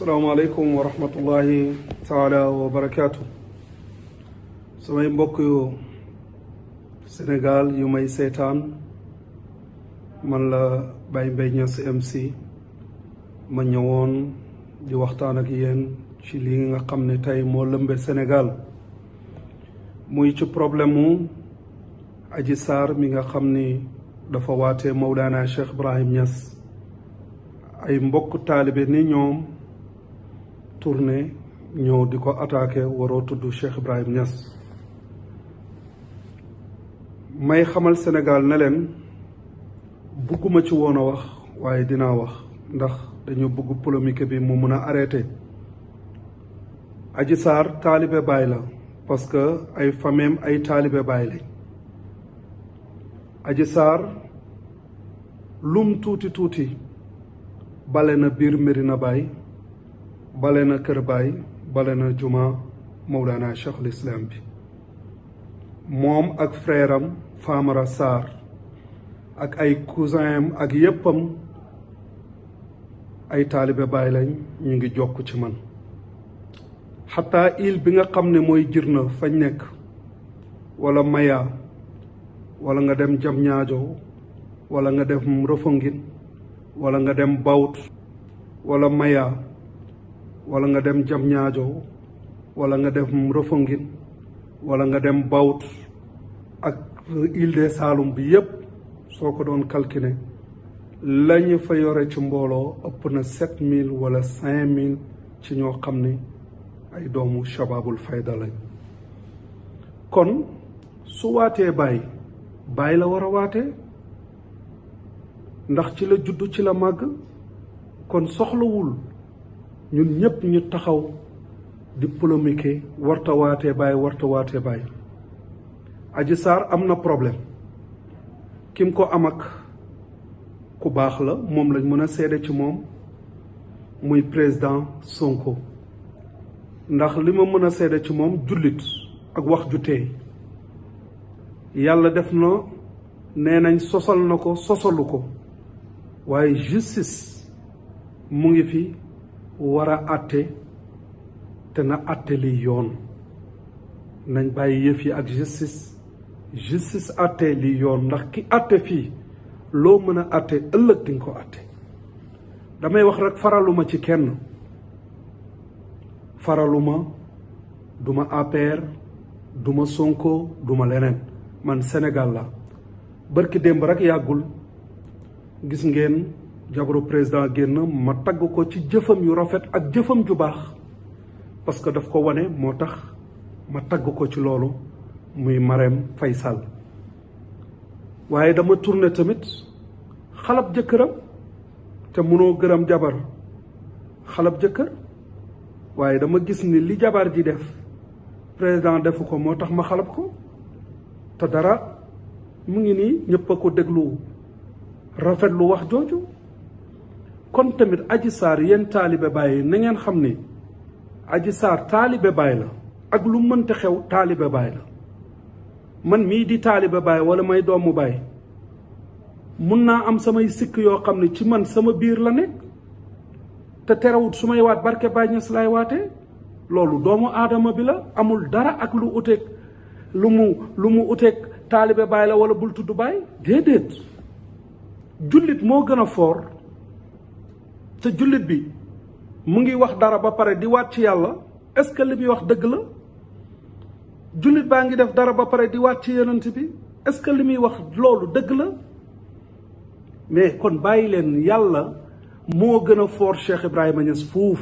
salaamu aleykum wa rahmatullahi taala wa barakaatu samay mbokk yu senegal yu may seetaan man la Baye Mbaye Niass MC ma ñëwoon di waxtaan ak yéen ci lii nga xam ne tey moo lëmbe Sénégal muy ci problème mu Adji Sarr mi nga xam ni dafa waatee Mawlana Cheikh Ibrahim Niass ay mbokk taalibe ni ñoom tourné ñëw di ko attaqué waroo tudd Cheikh Ibrahim Niass may xamal Sénégal na leen bugguma ci woon a wax waaye dinaa wax ndax dañu bëgg polémique bi mu mën a arrêté Adji Sarr taalibe baay la parce que ay fameem ay taalibe baay lañ Adji Sarr lum tuuti tuuti bale na biir mbiri na Baye bale na kër baay bale na juma Mawlana Cheikhul Islam bi moom ak frère am Famara Sarr ak ay cousin am ak yéppam ay taalibe baay lañ ñu ngi jokk ci man xataa il bi nga xam ne mooy jir na fañ nekk walla maya wala nga dem jam ñaajo wala nga dem Rofongin wala nga dem bawut wala maya wala nga dem jam ñaajoo walla nga dem Rofongin wala nga dem Bawut ak île des Saloum bi yépp soo ko doon calculer la ñu fa yore ci mbooloo ëpp na sept mille wala cinq mille ci ñoo xam ni ay doomu shababul fayda lañ kon su waatee bàyyi bàyyi la war a waatee ndax ci la juddu ci la màgg kon soxlawul ñun ñëpp ñu taxaw di polémique warta waatee bàyyi warta waatee bàyyi am na problème kim ko am ak ku baax la moom lañ mën a seede ci moom muy président Sonko ndax li ma mën a seede ci moom jullit ak wax ju teey yàlla def na nee nañ sosal na ko sosalu ko waaye justice mu ngi fi war a àtte te na àtte li yoon nañ bàyyi yëf yi ak justice justice àtte li yoon ndax ki àtte fii loo mën a àtte ëllëg di ko àtte damay wax rek faraluma ci kenn faraluma duma APR duma Sonko duma leneen man senegal la bërki démb rekk yàggul gis ngeen jabaru président génn ma tagg ko ci jëfam yu rafet ak jëfam ju baax parce que daf ko wane moo tax ma tagg ko ci loolu muy Marème fay Sall waaye dama tourné tamit xalab jëkkëram te mënoo gërëm jabar xalab jëkkër waaye dama gis ni li jabar ji def président defu ko moo tax ma xalab ko te dara mu ngi nii ñëpp a ko déglu rafetlu wax jooju kon tamit aji saar yéen taalibe bàyyi na ngeen xam ni aji saar taalibe bàyyi la ak lu mënta xew taalibe bàyyi la man mii di taalibe bàyyi wala may doomu bàyyi mun naa am samay sikk yoo xam ne ci man sama biir la nekk te terewut su may waat barke Baay Ñas lay waatee loolu doomu aadama bi la amul dara ak lu uteeg lu mu lu mu uteeg taalibe bàyyi la wala bul tudd bàyyi déedéet jullit moo gën a foor te jullit bi mu ngi wax dara ba pare di waat ci yàlla est-ce que li muy wax dëgg la jullit baa ngi def dara ba pare di waat ci yonent bi est-ce que li muy wax loolu dëgg la mais kon bàyyi leen yàlla moo gën a foor Cheikh Ibrahima Niass fuuf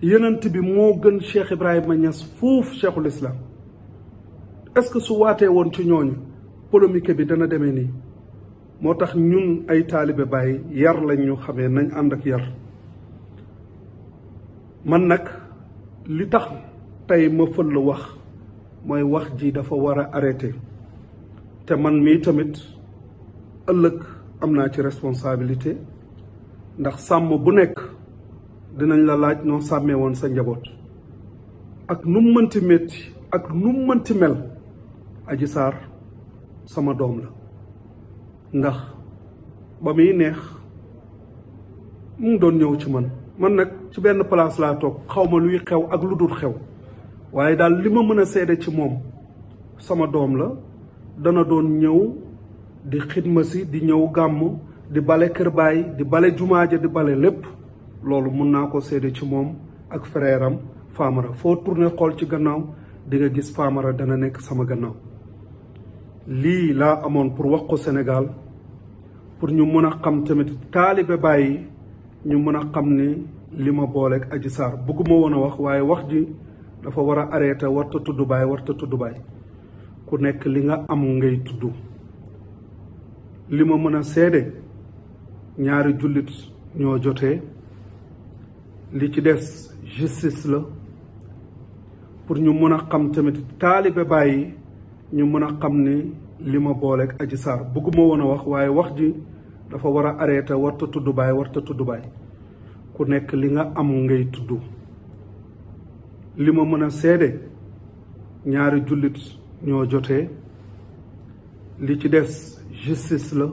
yonent bi moo gën Cheikh Ibrahima Niass fuuf cheikhul islam est-ce que su waatee woon ci ñooñu polémique bi dana demee nii moo tax ñun ay taalibe bàyyi yar lañ ñu xamee nañ ànd ak yar man nag li tax tey ma fël wax mooy wax ji dafa war a arrêté te man mii tamit ëllëg am naa ci responsabilité ndax sàmm bu nekk dinañ la laaj noo sàmmee woon sa njaboot ak nu mu ak nu mënti mel Adji Sarr sama doom la ndax ba muy neex mu doon ñëw ci man man nag ci benn place laa toog xaw ma luy xew ak lu dul xew waaye daal li ma mën a seede ci moom sama doom la dana doon ñëw di xidma si di ñëw gàmm di bale kër di bale jumaaja di bale lépp loolu mun naa ko seede ci moom ak frère am foo turne xool ci gannaaw di nga gis Famara dana nekk sama gannaaw lii laa amoon pour wax ko senegaal pour ñu mën a xam tamit taalibe bàyyi ñu mën a xam ni li ma booleek Adji saar bëgguma woon a wax waaye wax ji dafa war a arrêté warta tuddubaay baay warta tudd baay ku nekk li nga am ngay tudd li ma mën a seede ñaari jullit ñoo jotee li ci des justice la pour ñu mën a xam tamit taalibe bàyyi ñu mën a xam ni li ma booleek Adji Sarr bëgguma woon a wax waaye wax ji dafa war a arrêté warta tudd baay warta tudd baay ku nekk li nga am ngay tudd li ma mën a seede ñaari jullit ñoo jotee li ci des justice la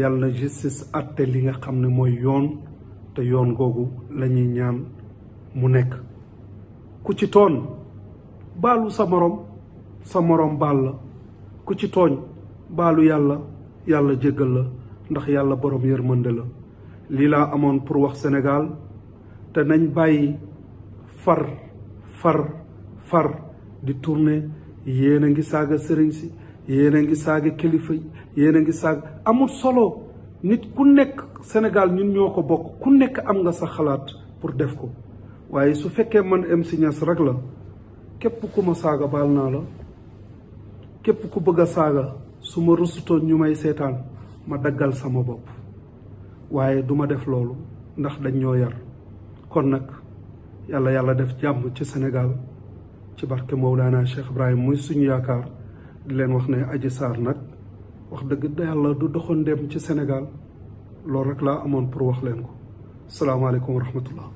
yàlla na justice àtte li nga xam ne mooy yoon te yoon googu lañuy ñaan mu nekk ku ci tooñ baalu sa moroom sa moroom baal la ku ci tooñ baalu yàlla yàlla jéggal la ndax yàlla borom yërmande la lii laa amoon pour wax Sénégal te nañ bàyyi far far far di tourner yéen a ngi saaga sëriñ si yéen a ngi saaga kilifa yéen a ngi saaga amul solo nit ku nekk senegal ñun ñoo ko bokk ku nekk am nga sa xalaat pour def ko waaye su fekkee man MC Niass rek la képp ku ma saaga baal naa la képp ku bëgg a saaga su ma rusutoon ñu may seetaan ma daggal sama bopp waaye duma def loolu ndax dañ ñoo yar kon nag yàlla yàlla def jàmm ci Sénégal ci barke Mawlana Cheikh Ibrahim muy suñu yaakaar di leen wax ne Adji saar nag wax dëgg yàlla du doxandeem ci Sénégal loolu rek laa amoon pour wax leen ko salaamaaleykum wa rahmatullah